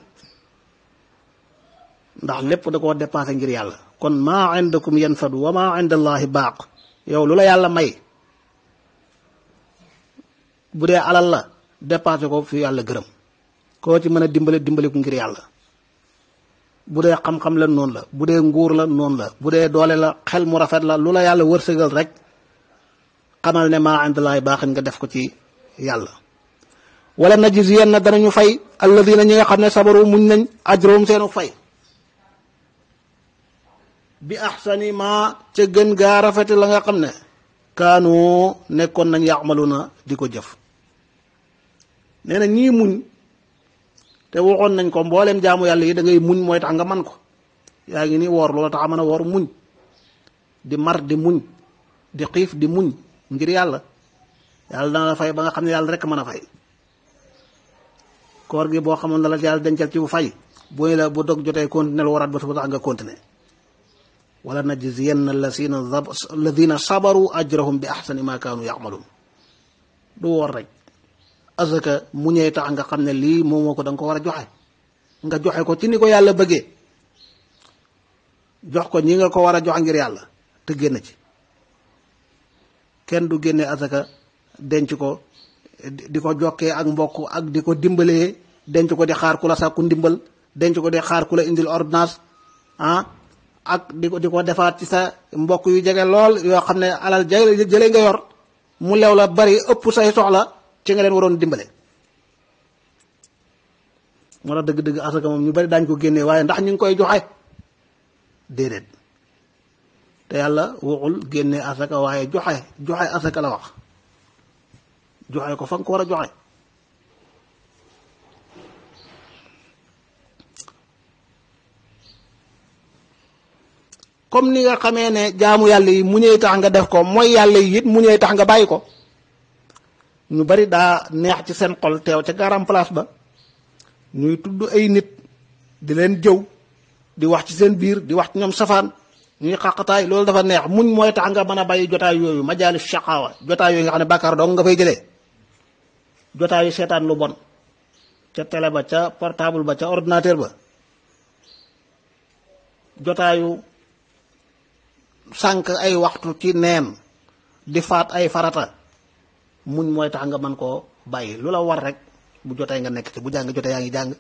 ndax lépp da koo dépensé ngir yàlla kon maa indakum yanfadu wa maa inda baaq yow lu la yàlla may bu dee alal la dépensé ko fi yàlla gërëm koo ci mën a dimbale dimbale ko ngir yàlla bu dee xam-xam la noonu la bu dee nguur la noonu la bu dee doole la xel mu rafet la lu la yàlla wërsëgal rek xamal ne maa indalaay baaxin nga def ko ci yàlla wala najziyanna ñu fay alladina ñi nga xam ne sabaru muñ nañ ajuróom seenu fay bi axsani ma ca gën gaa rafet la nga xam ne kaanu nekkoon nañ yaamalu na di ko jëf nee na ñii muñ te waxoon nañ ko mbooleem jaamu yàlla yi da ngay muñ mooy tax nga man ko yaa ngi nii woor loola tax a mën a woor muñ di mar di muñ di xiif di muñ ngir yàlla yàlla dana la fay ba nga xam ne yàlla rek mën a fay koor gi boo xamoon la la yàlla dencal ci bu fay booy la bu dog jotee continuer lu waraat ba suba tax nga continuer wala najziyanna alladina sabaru ajrahum bi ahsani ma kaanu yamaluun du woor rek asaka mu ñëwee tax nga xam ne lii moomoo ko danga ko war a joxe nga joxe ko ci ni ko yàlla bëggee jox ko ñi nga ko war a joxe ngir yàlla te génn ci kenn du génne asaka denc ko di ko jokkee ak mbokk ak di ko dimbalee denc ko di xaar ku la sàkku ndimbal denc ko di xaar ku la indil ordonnance ah, ak di ko di ko defaat ci sa mbokk yu jege lool yoo xam ne alal jële nga yor mu lew la bari ëpp say soxla ci nga leen waroon dimbale moo tax dëgg-dëgg asaka moom ñu bari daañ ko génnee waaye ndax ñu ngi koy joxe déedéet te yàlla waxul génnee asaka waaye joxe joxe asaka la wax joxe ko fa nga ko war a joxe comme ni nga xamee ne jaamu yàlla yi mu ñëw tax nga def ko mooy yàlla yi mu ñëw tax nga bàyyi ko ñu bari daa neex ci seen xol teew ca garam place ba ñuy tudd ay nit di leen jëw di wax ci seen biir di wax ci ñoom safaan ñuy xàqataay loolu dafa neex muñ mooy tax nga mën a bàyyi jotaay yooyu ma majaalis shaqaawa jotaay yi nga xam ne bàkkaar dong nga fay jëlee jotaayu seetaan lu bon ca tele ba ca portable ba ca ordinateur ba jotaayu sànq ay waxtu ci neen di faat ay farata muñ mooy tax nga mën koo bàyyi lu la war rek bu jotee nga nekk ci bu jàng jotee yaa ngi jàng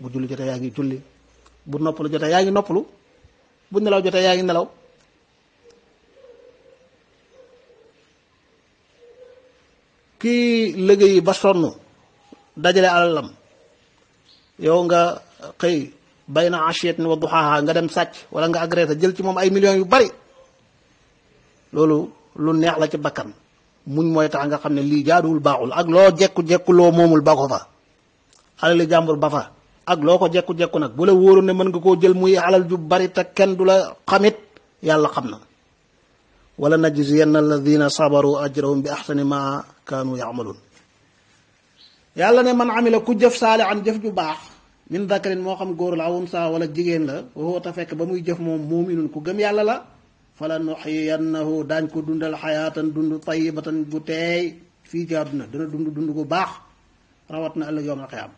bu julli jotee yaa ngi julli bu noppalu jotee yaa ngi noppalu bu nelaw jotee yaa ngi nelaw kii liggéey ba sonn dajale alalam yow nga xëy bay na ashiyatin wa duxaaha nga dem sàcc wala nga agressé jël ci moom ay million yu bari loolu lu neex la ci bakkan muñ mooy tax nga xam ne lii jaaduwul baaxul ak loo jekku-jekku loo moomul ba ko fa alali jàmbur ba fa ak loo ko jekku-jekku nag bu la wóorul ne mën nga koo jël muy alal ju bari te kenn du la xamit yàlla xam na wala najziyanna alladina sabaru ajrahum bi ahsani ma kaanu yaamaluun yàlla ne man amila ku jëf am jëf ju baax min dakarin moo xam góor la awun saa wala jigéen la woo te fekk ba muy jëf moom muuminun ku gëm yàlla la fala nuxiyannahu daañ ko dundal xayaatan dund tayibatan bu teey fii ci na dana dund dund bu baax rawat na ëllëg yowmal xiyaam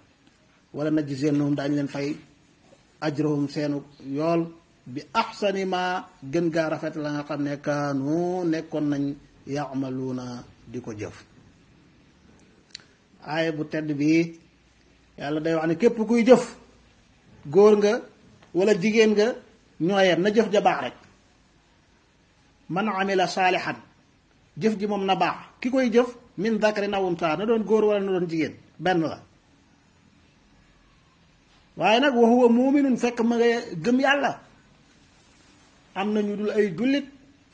wala najziyannahum daañ leen fay ajrahum seenu yool bi axsani ma gën gaa rafet la nga xam ne kaanu nekkoon nañ yaamaluuna di ko jëf aaya bu tedd bi yàlla day wax ne képp kuy jëf góor nga wala jigéen nga ñooyam na jëf ja baax rek man amila saalihan jëf ji moom na baax ki koy jëf min dakarin aw unsaa na doon góor wala na doon jigéen benn la waaye nag wa huwa muuminun fekk ma nga gëm yàlla am na ñu dul ay jullit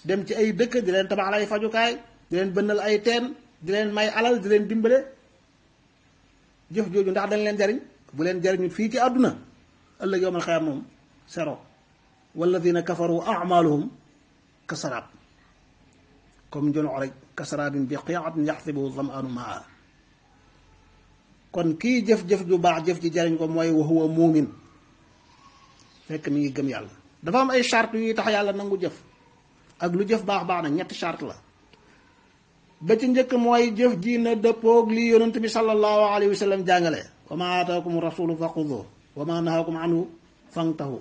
dem ci ay dëkk di leen tabaxal ay fajukaay di leen bënnal ay teen di leen may alal di leen dimbale jëf jooju ndax dañ leen jariñ bu leen jariñut fii ci àdduna ëllëg yowmal xiyaam moom sero walladina kafaru amaluhum kasaraab comme njoloo rek kasaraabin bi qiatin yaxsibuhu zamaanu maa kon kii jëf-jëf ju baax jëf ji jariñ ko mooy wa huwa muumin fekk mi ngi gëm yàlla dafa am ay charte yuy tax yàlla nangu jëf ak lu jëf baax baax na ñetti charte la ba ci njëkk mooy jëf ji na dëppoog li yonent bi sallallahu alayhi wa sallam jàngale wa ma aataakum rasulu fa xuduuhu wa ma nahaakum anhu fantahu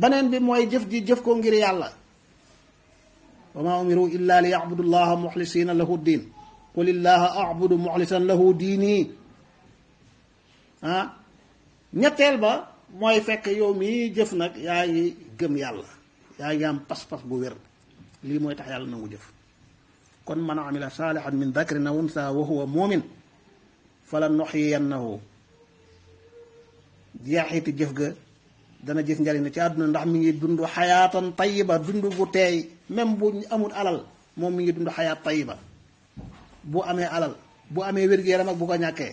beneen bi mooy jëf ji jëf ko ngir yàlla wa ma umiru illa li yabudu llaha muxlisina lahu diin qul illaha abudu muxlisan lahu diini ah ñetteel ba mooy fekk yow mii jëf nag yaa ngi gëm yàlla yaa ngi am pas-pas bu wér lii mooy tax yàlla nangu jëf kon man amila saalihan min dakrin aw unsa wa huwa muumin fala nuxyiyannahu jeexiti jëf ga dana gis njariñ ci àdduna ndax mi ngi dund xayaatan tayiba dund bu teey même bu amul alal moom mi ngi dund xayaat tayiba bu amee alal bu amee wér-gu-yaram ak bu ko ñàkkee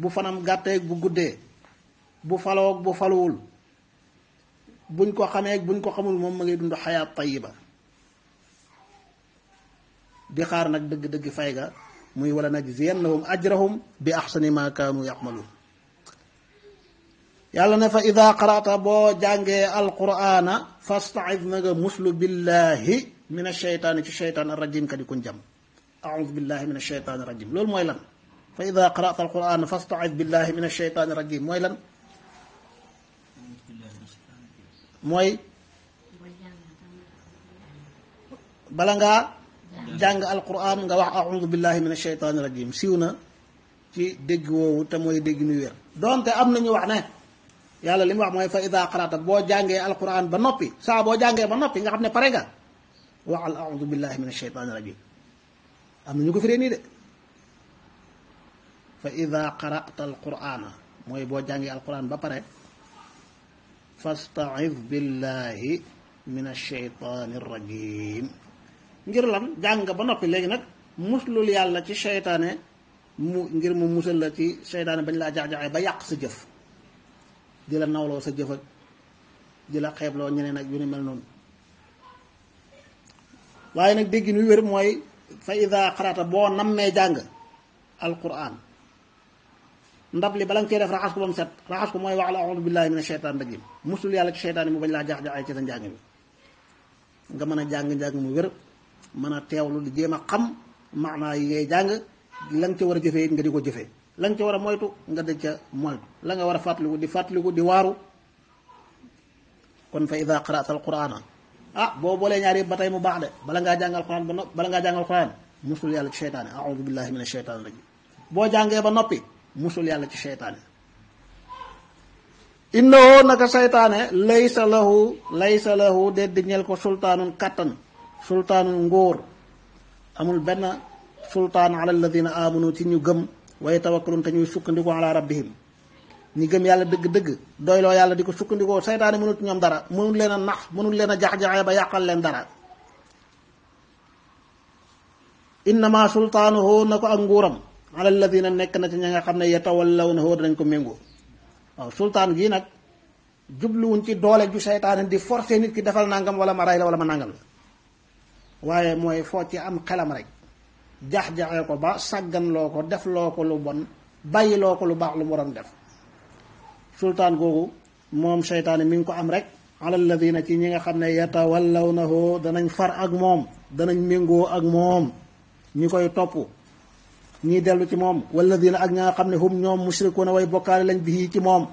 bu fanam gàtteeg bu guddee bu faloog bu faluwul buñ ko xamee buñ ko xamul moom ma ngi dund xayaat tayiba di xaar nag dëgg-dëgg fay ga muy wala nag ziyannahum ajrahum bi axsani ma kaanu yàlla ne fa ida qarata boo jàngee alqur'ana fastaid na nga muslu billahi min asheytaani ci sheytaan arrajim ka di kun jam audu billahi min asheytaani arrajim loolu mooy lan fa ida qarata alqur'ana fastaid billahi min asheytaani arrajim mooy lan mooy bala ngaa jàng alqur'an nga wax audu billahi min asheytaani arrajim siiw na ci dégg woowu te mooy dégg nu wér donte am nañu wax ne yàlla li mu wax mooy fa ida qarata boo jàngee alquran ba noppi saa boo jàngee ba noppi nga xam ne pare nga waxal audu billahi min ashaytani rajim am na ñu ko firee nii de fa ida qarata alqurana mooy boo jàngee alquran ba pare fastaiz billahi min ashaytani rajim ngir lan jàng ba noppi léegi nag muslul yàlla ci seytaane mu ngir mu musal la ci seytaane bañ laa jax-jaxee ba yàq sa jëf di la nawloo sa jëf ak di la xeebloo ñeneen ak yu ne mel noonu waaye nag dégg nu wér mooy fa ida xarata boo nammee jàng alquran ndab li bala nga koy def raxas ko ba mu set raxas ko mooy wax la audu billahi min asheytaan rajim musul yàlla ci seytaan yi mu bañ laa jaax jaaxee ci sa njàng bi nga mën a jàng-njàng mu wér mën a teewlu di jéem a xam maanaa yi ngay jàng la nga ca war a jëfee it nga di ko jëfee la nga ca war a moytu nga dëj ca moytu la nga war a fàttaliku di fàttaliku di waaru kon fa ida qarata al qurana ah boo boolee ñaar ba tey mu baax de bala ngaa jàngal quraan ba ngaa jàngal quraan musul yàlla ci seytaane aoudu billahi min asheytaan boo jàngee ba noppi musul yàlla ci seytaane innahu naka seytaane laysa lahu laysa lahu de di ko sultaanun kattan sultaanun ngóor amul benn sultaan ala alladina amanu ci ñu gëm waaye tawakkalun te ñuy sukkandikoo ala rabbihim ñi gëm yàlla dëgg-dëgg doyloo yàlla di ko sukkandikoo seytaane mënut ñoom dara mënul leen a nax mënul leen a jax-jaxee ba yàqal leen dara innama sultaanuhu na ko ak nguuram ala alladina nekk na ci ña nga xam ne yatawallawnahu dañ ko méngoo waaw sultaan gii nag jubluwuñ ci doole ju seytaane di forcer nit ki defal nangam wala ma rey la wala ma nangam la waaye mooy foo ci am xelam rek jax-jaxee ko ba sàgganloo ko def loo ko lu bon bàyyi loo ko lu baax lu mu waroon def sultaan googu moom seytaane mi ngi ko am rek alal ladina ci ñi nga xam ne yatawallawnahu danañ far ak moom danañ méngoo ak moom ñi koy topp ñii dellu ci moom walladina ak ña nga xam ne hum ñoom mushrikuuna way bokkaale lañ bi ci moom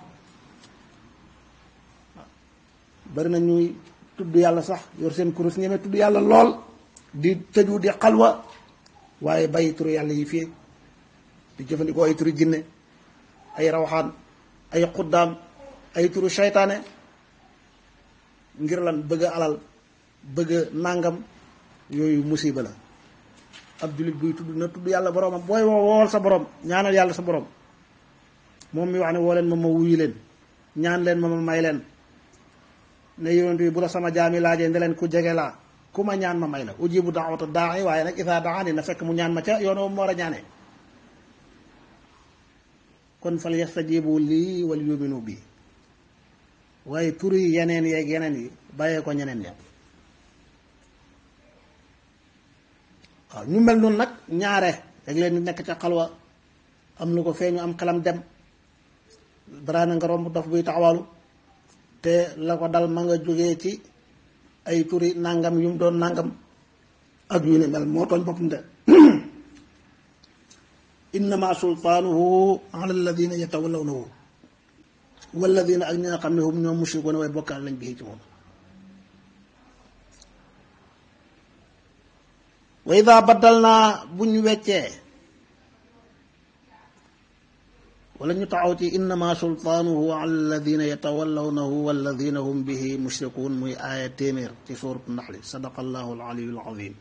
bari na ñuy tudd yàlla sax yor seen kurus ñeme tudd yàlla lool di tëju di xalwa waaye bàyyi turu yàlla yi fii di jëfandikoo ay turu jinne ay rawxaan ay xuddaam ay turu seytaane ngir lan bëgg alal bëgg nàngam yooyu musiba la ab jullit buy tudd na tudd yàlla boroomam booy woo wool sa borom ñaanal yàlla sa borom moom mi wax ne woo leen ma ma wuyu leen ñaan leen ma ma may leen ne yonent bi bu la sama jaami laajee nde leen ku jege laa ku ma ñaan ma may la ujibu daawata daai waaye nag isaa daani na fekk mu ñaan ma ca yoon woowu mu war a ñaanee kon fal yastajibu lii wal yuminu bii waaye tur yeneen yeeg yeneen yi bàyyee ko ñeneen ña waaw ñu mel noonu nag ñaare rek leen nekk ca xalwa am lu ko feeñu am xelam dem dara na nga romb dof buy taxawalu te la ko dal ma nga jógee ci ay turi nangam yu mu doon nangam ak yu ne mel moo tooñ boppam de innama sultaanuhu ala alladina yatawallawnahu walladina ak ñi nga xam ne hum ñoom mushrikuuna way bokkaal lañ bi ci moom wa ida baddal naa bu ñu weccee wala ñu taxaw ci innama sultaanuhu ala alladina yatawallawnahu walladina hum bihi mushrikuun muy aaya téeméer ci suurat naxli sadaqa allahu alaliyu alazim